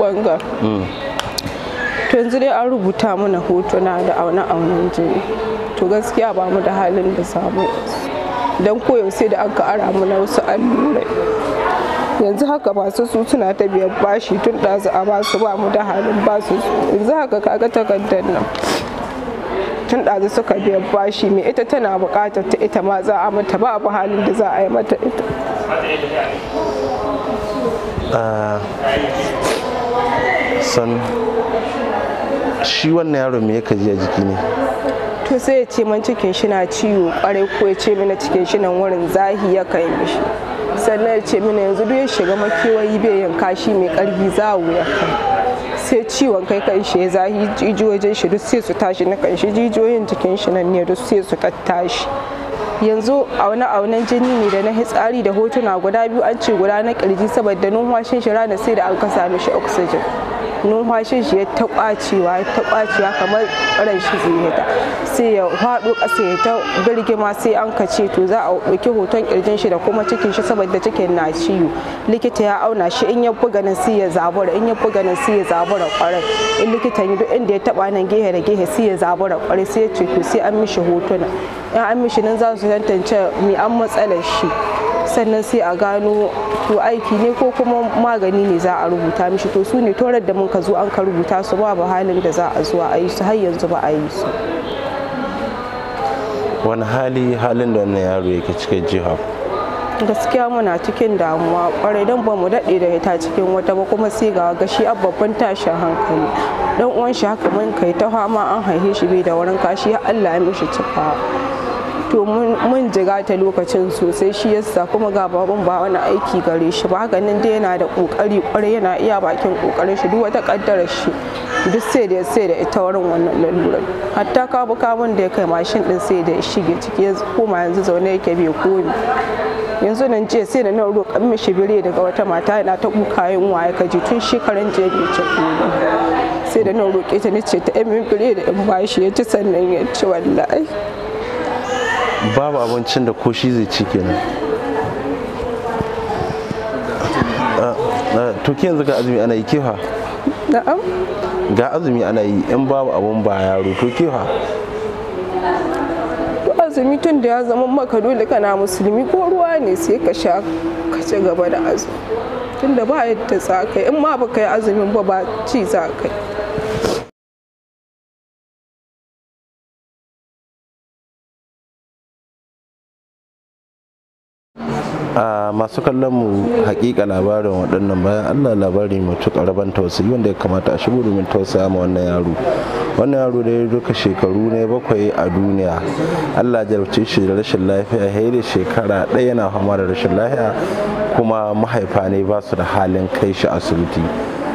wanga hmm. to yanzu dai an rubuta mana hotuna da auna aunan jini to gaskiya ba mu da halin da samu don koyaushe sai da aka ara mana wasu allurai yanzu haka masu su suna ta biyar bashi tun ɗazu a basu ba mu da halin basu yanzu haka kaga takardar nan tun ɗazu suka biyar bashi mai ita tana buƙatar ta ita ma za a mata ba abu halin da za a yi mata ita ah. san shi wannan yaro me yaka jiya a jiki ne to sai ya ce man cikin shi na ciwo kwarai ko ya ce mini cikin shi nan wurin zahi ya kai mishi sannan ya ce mini yanzu duk ya shiga makewayi bai yin kashi mai karfi za a wuya sai ciwon kai kan shi ya zahi jijiyoyin shi duk sai su tashi na kan shi jijiyoyin jikin shi nan ne duk sai su tattashi yanzu wani aunan jini ne da na hitsari da hotuna guda biyu an ce guda na kirji saboda numfashin shi rana sai da an kasa mishi oxygen numfashin shi ya ta kwacewa ya ta kwacewa kamar ran shi zai sai ya faɗo ƙasa ya ta birgima sai an ka ce to za a ɗauki hoton ƙirjin shi da kuma cikin shi saboda cikin na ciwo likita ya auna shi in ya buga nan sai ya zabura in ya buga nan sai ya zabura ƙwarai in likita ya duk inda ya taɓa nan gehe da gehe sai ya zabura ƙwarai sai ya ce to sai an mishi hotuna in an mishi nan za su tantance mi an matsalar shi sannan sai a gano to aiki ne ko kuma magani ne za a rubuta mishi to su ne torar da mun ka zo an ka rubuta su ba halin da za a zuwa a yi su har yanzu ba a yi su wani hali halin da wannan yaro yake cikin jiha gaskiya muna cikin damuwa kwarai don ba mu daɗe da ita cikin wata ba kuma sai ga gashi a babban tashin hankali dan uwan shi haka mun kai ta fama an haife shi bai da wurin kashi Allah ya mishi cika to mun jiga ta lokacin sosai shi yasa kuma ga baban ba wani aiki gare shi ba haka nan dai yana da kokari kwarai yana iya bakin kokarin shi duk wata kaddarar shi duk sai da sai da ita wurin wannan lalurar hatta kabu kabun da ya kai mashin din sai da shige ciki yanzu koma yanzu zaune yake bai komi yanzu nan ce sai da na roƙan mishi bire daga wata mata yana ta kuka yin waye kaji tun shekaran je bai sai da na roƙe ta nace ta yan bire da in bashi ya ci sannan ya ci wallahi babu abincin da ko shi zai ci kenan ah, ah, to ke yanzu ga azumi ana yi kefa na'am ga azumi ana yi in babu abun ba yaro to kefa to azumi tun da ya zama maka dole kana musulmi ko ruwa ne sai ka sha ka ci gaba da azumi tun da ba yadda za ka in ma baka yi azumin ba ba ci za ka yi a masu kallon mu hakika labarin waɗannan bayan allah labari matuƙar ban tausayi wanda ya kamata a shigo domin tausaya ma wannan yaro wannan yaro da ya duka shekaru ne bakwai a duniya allah jarabce shi da rashin lafiya ya da shekara ɗaya yana fama da rashin lafiya kuma mahaifa ne ba su da halin kai shi asibiti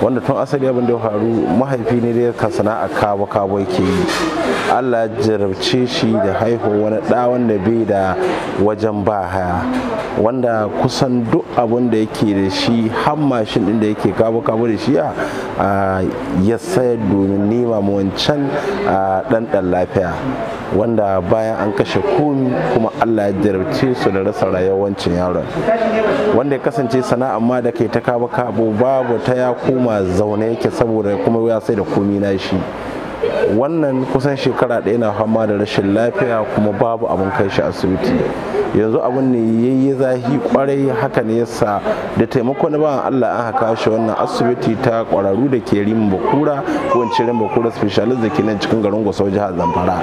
wanda tun asali abin da ya faru mahaifi ne da ya ka sana'a kawo kawo ke yi allah jarabce shi da haifo wani da wanda bai da wajen ba haya wanda kusan duk abin da yake da shi har mashin din da yake kabo kabo da shi a ah, ya sayar domin nema wancan ɗanɗan ah, lafiya wanda bayan an kashe komi kuma allah ya jarabce su da rasa rayuwar yaron wanda ya kasance sana'a amma da kai ta kabo kabo babu ta ya koma zaune yake saboda kuma ya sai da komi na shi wannan kusan shekara ɗaya na fama da rashin lafiya kuma babu abin kai shi asibiti yanzu abin ne yayi zahi kwarai haka ne yasa da taimako na bayan Allah an haka shi wannan asibiti ta kwararru da ke rimin bakura ko in ce rimin bakura specialist da ke nan cikin garin gwasau jihar zamfara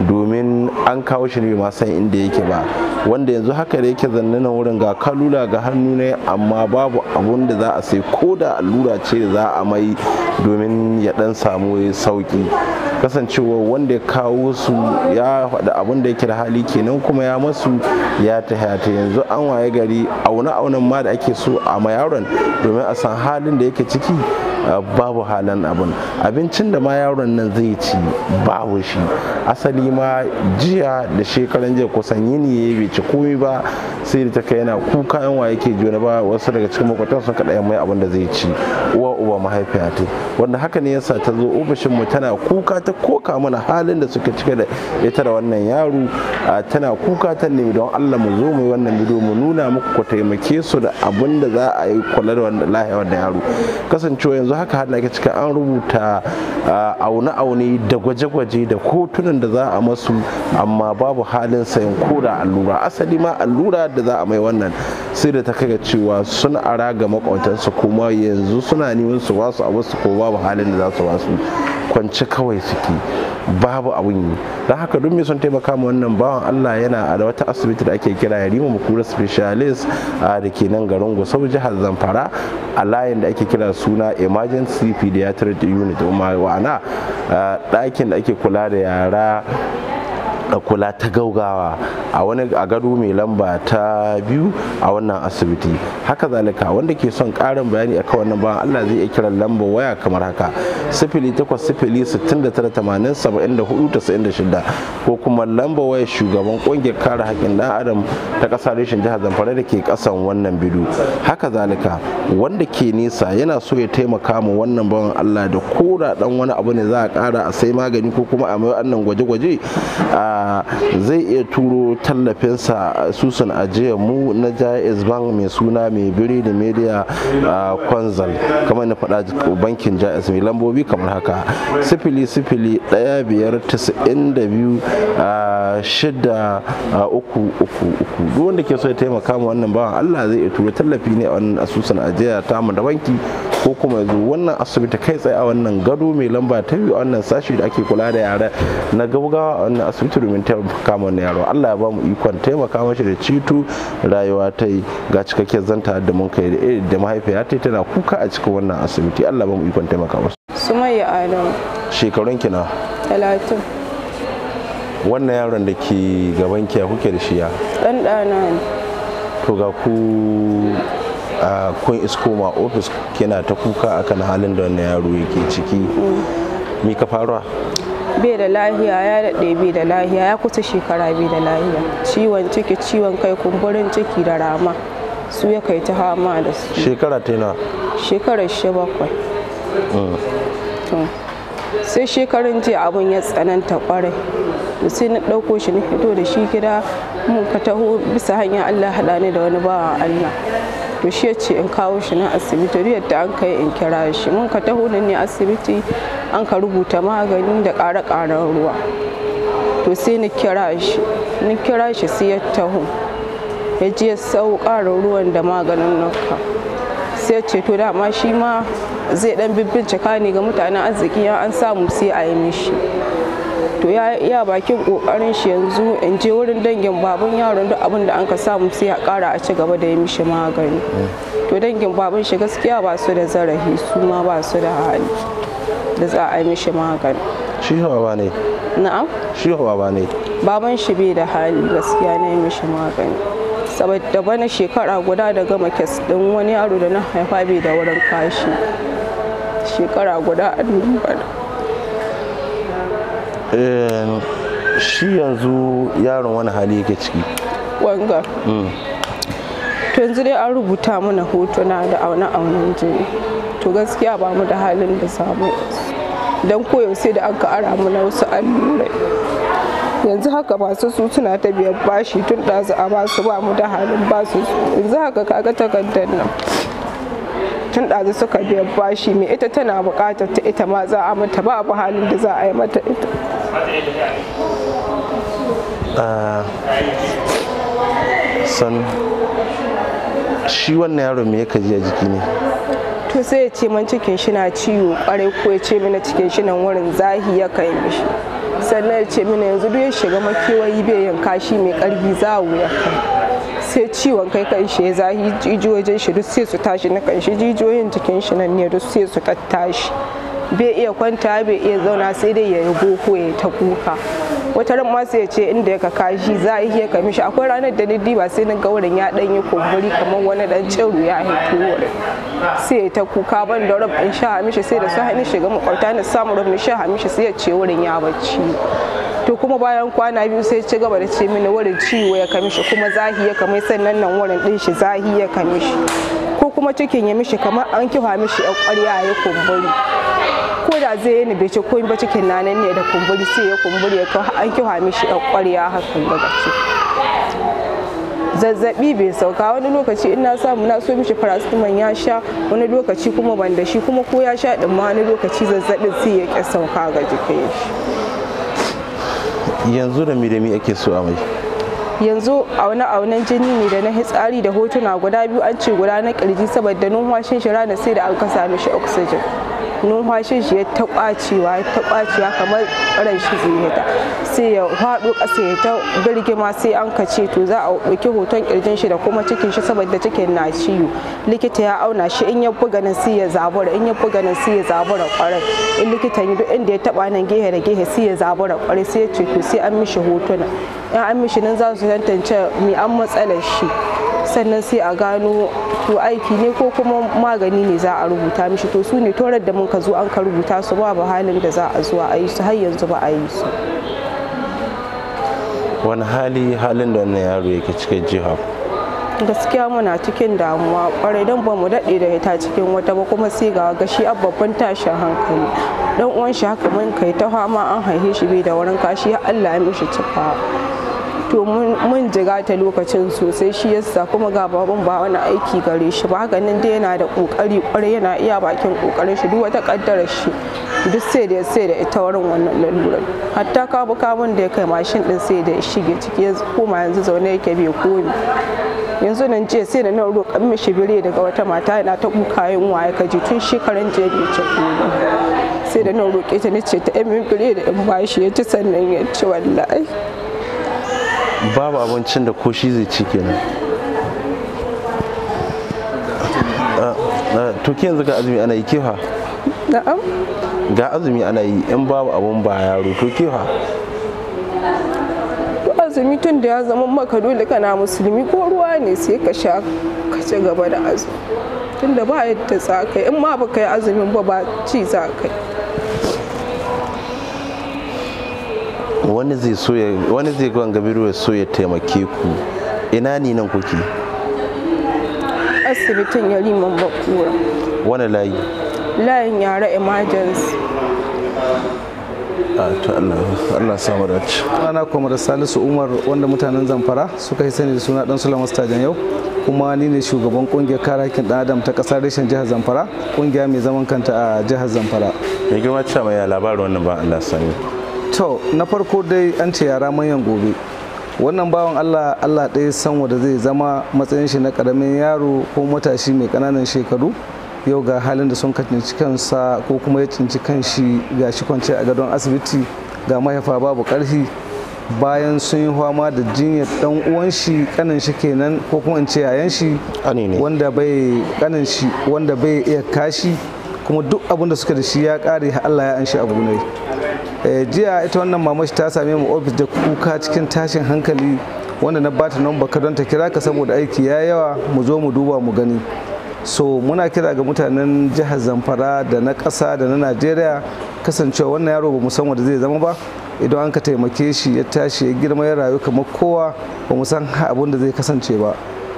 domin an kawo shi ne ma san inda yake ba wanda yanzu haka da yake zanne na wurin ga kalula ga hannu ne amma babu abun da za a sai ko da allura ce za a mai domin ya dan samu sauki kasancewa wanda ya kawo su ya faɗi abun da yake da hali kenan kuma ya masu ya ta yanzu an waye gari auna aunan ma da ake so a mayaron domin a san halin da yake ciki babu halan abin abincin da ma yaron nan zai ci babu shi asali ma jiya da shekaran jiya kusan yini ya bai ci komai ba sai da ta kai yana kuka yan wa yake jona ba wasu daga cikin makwatan sun kaɗa mai abin da zai ci uwa uba mahaifiya ta wanda haka ne yasa ta zo ofishin mu tana kuka ta koka mana halin da suka cika da ita da wannan yaro tana kuka ta nemi don Allah mu zo mu yi wannan bidiyo mu nuna muku ku taimake su da abin da za a yi kula da lahiya da yaro kasancewa yanzu haka hada ke cikin an rubuta ah, aune-aune da gwaje-gwaje da kotunan da za a masu amma babu halin sayan koda allura asali ma allura da za a mai wannan sai da ta kai ga cewa sun ara ga makwantarsu kuma yanzu suna neman su wasu a wasu ko babu halin da za su wasu kwance kawai suke babu abun yi don haka duk mai son taimaka mu wannan bawan Allah yana da wata asibiti da ake kira Yarima Mukura Specialist a da ke nan garin Gusau jihar Zamfara a layin da ake kira suna Emergency Pediatric Unit ma'ana ɗakin da ake kula da yara da kula ta gaugawa a wani a gado mai lamba ta biyu a wannan asibiti haka zalika wanda ke son karin bayani a akan wannan ba Allah zai iya kiran lambar waya kamar haka sifili takwas sifili sittin da tara tamanin saba'in da hudu tasa'in da shida ko kuma lamba waya shugaban kungiyar kare haƙƙin ɗan adam ta ƙasar reshen jihar zamfara da ke ƙasan wannan bidu haka zalika wanda ke nisa yana so ya taimaka mu wannan bawan Allah da kura dan wani abu ne za a kara a sai magani ko kuma a mai wannan gwaje-gwaje a zai iya turo tallafinsa susun ajiyar mu na jais bank mai suna mai biri da media kwanzal kamar na faɗa bankin jais mai lambobi kamar haka sifili sifili ɗaya biyar tasa'in da biyu shida uku uku uku duk wanda ke so ya taimaka ma wannan bawan allah zai iya turo tallafi ne a wannan asusun ajiya mu da banki ko kuma zo wannan asibiti kai tsaye a wannan gado mai lamba ta biyu a wannan sashi da ake kula da yara na gaugawa a wannan asibiti domin taimaka ma wannan yaro Allah ya ba mu ikon taimaka mashi da cito rayuwa ta yi ga cikakken zanta da mun kai da eh, mahaifiya ta tana kuka a cikin wannan asibiti Allah ya ba mu ikon taimaka masu Sumayya Adamu shekarun kina Talatin. wannan yaron da ke gaban kiya kuke da shiya ɗan ɗana ne to ga ku kun isko ma ofis kina ta kuka akan halin da wannan yaro yake ciki mi ka faruwa bai da lahiya ya daɗe bai da lahiya ya kusa shekara bai da lahiya ciwon ciki ciwon kai kumburin ciki da rama su ya kai ta hama da su shekara ta yana shekarar shi bakwai mm. sai shekarun jiya abun ya tsananta kwarai da sai na ɗauko shi na fito da shi gida mun ka taho bisa hanyar allah haɗa ni da wani bawan allah to shi ya in kawo shi nan asibiti duk yadda an kai in kira shi mun ka taho nan ne asibiti an ka rubuta magani da ƙara ƙaran ruwa to sai ni kira shi ni kira shi sai ya taho ya je sau ƙarin ruwan da maganin nan ka sai ce to dama shi ma zai dan bincika ne ga mutanen arziki an samu sai a yi mishi to ya iya bakin kokarin shi yanzu in je wurin dangin baban yaron duk abin da an ka samu sai a kara a ci gaba da yi mishi magani to dangin baban shi gaskiya ba su da zarafi su ma ba su da hali da za a yi mishi magani shi baba ne na'am shi baba ne baban shi bai da hali gaskiya na yi mishi magani saboda bana shekara guda da gama kes din wani yaro da na haifa bai da wurin kashi shekara guda a duniya. shi yanzu yaron wani hali yake ciki wanga mm. to yanzu dai an rubuta mana hotuna da auna aunin jini to gaskiya ba mu da halin da samu don koyo sai da aka ara mana wasu allurai yanzu haka masu su suna ta biyar bashi tun ɗazu a basu ba mu da halin basu yanzu haka kaga takardar nan tun ɗazu suka biya bashi mai ita tana buƙatar ta ita ma za a mata babu halin da za a yi mata ita ah, shi wannan yaro me yaka ji a jiki ne to sai ya ce man cikin shi na ciwo kwarai ko ya ce mini cikin shi nan wurin zahi ya kai mishi sannan ya ce mini yanzu duk ya shiga makewayi bai yin kashi mai za a wuya kai sai ciwon kai kan shi ya zahi jijiyoyin shi duk sai su tashi na kan shi jijiyoyin jikin shi nan ne duk sai su tattashi bai iya kwanta bai iya zauna sai dai ya yi ko ya ta kuka wata ran ma sai ya ce inda ya kaka shi za a iya kami shi akwai ranar da ni diba sai na ga wurin ya dan yi kumburi kamar wani dan ciro ya haifi wurin sai ya ta kuka ban da rab in sha hamishi sai da su hannun shiga makwabta na samu rab in sha hamishi sai ya ce wurin ya bacci to kuma bayan kwana biyu sai ci gaba da ce mini wurin ciwo ya kame shi kuma zahi ya kame sannan nan wurin din shi zahi ya kame shi ko kuma cikin ya mishi kamar an kifa mishi yan ƙwarya ya kumburi ko da zai ni bai ce ko ba cikin na nan ne da kumburi sai ya kumburi ya kawo an kifa mishi yan ƙwarya hakan daga ciki zazzabi bai sauka wani lokaci ina samu na so mishi paracetamol ya sha wani lokaci kuma ban da shi kuma ko ya sha din ma wani lokaci zazzabin sai ya sauka ga jikin shi yanzu da mi mi ake so a mai. yanzu aune aunan jini ne da na hitsari da hotuna guda biyu an ce guda na kirji saboda numfashin shi rana sai da an kasa shi oxygen numfashin shi ya ta kwacewa ya ta kwacewa kamar ran shi zai sai ya faɗo ƙasa ya ta birgima sai an ka ce to za a ɗauki hoton kirjin shi da kuma cikin shi saboda cikin na ciwo likita ya auna shi in ya buga nan sai ya zabura in ya buga nan sai ya zabura ƙwarai in likitan duk inda ya taɓa nan gehe da gehe sai ya zabura ƙwarai sai ya ce to sai an mishi hotuna in an mishi nan za su tantance mai an matsalar shi sannan sai a gano to aiki ne ko kuma magani ne za a rubuta mishi to su ne torar da mun ka zo an ka rubuta su babu halin da za a zuwa a yi su har yanzu ba a yi su wani hali halin da wannan yaro yake cikin jiha gaskiya muna cikin damuwa kwarai don ba mu daɗe da ita cikin wata ba kuma sai ga gashi a babban tashin hankali dan uwan shi haka mun kai ta fama an haife shi bai da wurin kashi Allah ya mishi cika to mun jiga ta lokacin sosai shi yasa kuma ga baban ba wani aiki gare shi ba ganin dai yana da kokari kwarai yana iya bakin kokarin shi duk wata kaddarar shi duk sai da sai da ita wurin wannan lalurar hatta kabu mun da ya kai mashin din sai da shige ciki ya koma yanzu zaune yake bai komi yanzu nan ce sai da nan roƙan mishi bire daga wata mata yana ta kuka waye ka ji tun shekaran je bai ce sai da nan roƙe ta nace ta yan bire da in bashi ya ci sannan ya ci wallahi babu abincin da ko shi zai ci kenan ah, ah, to ke yanzu ga azumi ana yi kefa na'am ga azumi ana yi in babu abun ba yaro to kefa azumi tun da ya zama maka dole kana musulmi ko ruwa ne sai ka sha ka ci gaba da azumi tun da ba yadda za ka yi in ma ba ka yi azumin ba ba ci za ka yi wani zai so ya zai ya so ya taimake ku ina ni nan kuke asibitin yariman bakura wani layi layin yara emergency ah, Allah samu dace. Ana kuma da Salisu Umar wanda mutanen Zamfara suka yi sani da suna Dan Sulaiman Stajan yau kuma ni ne shugaban kungiyar kare hakkin dan adam ta kasar reshen jihar Zamfara kungiya mai zaman kanta a jihar Zamfara. Mai girma cewa mai labarin wannan ba Allah sani. to na farko dai an ce yara manyan gobe wannan bawan allah allah ɗaya san wanda zai zama matsayin shi na ƙaramin yaro ko matashi mai ƙananan shekaru yau ga halin da sun kanci kansa ko kuma ya cinci kanshi ga shi kwance a gadon asibiti ga mahaifa babu ƙarfi bayan sun yi fama da jinyar dan uwan shi kanin shi kenan ko kuma in ce yayan shi wanda bai kanin shi wanda bai iya kashi kuma duk abin da suka da shi ya kare Allah ya an shi abu ne Eh, jiya ita wannan mamashi ta same mu ofis da kuka cikin tashin hankali wanda na bata nan baka don ta kira ka saboda aiki ya yawa mu zo mu duba mu gani so muna kira ga mutanen jihar zamfara da na ƙasa da na najeriya kasancewa wannan yaro ba san wanda zai zama ba idan an ka taimake shi ya tashi ya girma ya rayu kamar kowa ba mu san abin da zai kasance ba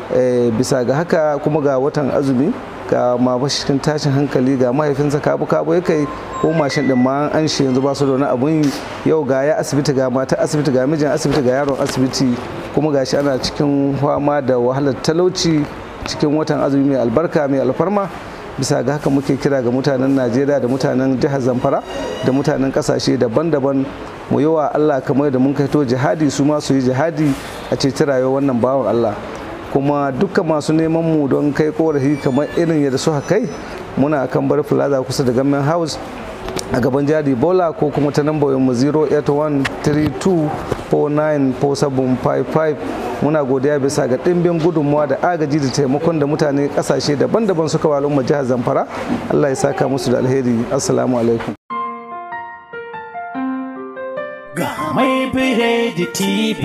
Eh, bisa ga haka kuma ga watan azumi ga mafashin tashin hankali ga mahaifinsa kabu kabu ya kai ko mashin din ma an shi yanzu ba su da wani abun yau ga ya asibiti ga mata asibiti ga mijin asibiti ga yaron asibiti kuma gashi ana cikin fama da wahalar talauci cikin watan azumi mai albarka mai alfarma bisa ga haka muke kira ga mutanen najeriya da mutanen jihar zamfara da mutanen kasashe daban-daban mu yi wa allah kamar da mun kaito jihadi su ma su yi jihadi a ceci rayuwar wannan bawan allah kuma duka masu neman mu don kai korafi kamar irin yadda suka kai muna akan bar plaza kusa da gamen house a gaban jari bola ko kuma ta nambar mu 08132494755 muna godiya bisa ga ɗimbin gudunmuwa da agaji da taimakon da mutane ƙasashe daban-daban suka walon mu jihar zamfara allah ya saka musu da alheri assalamu alaikum ga mai da tv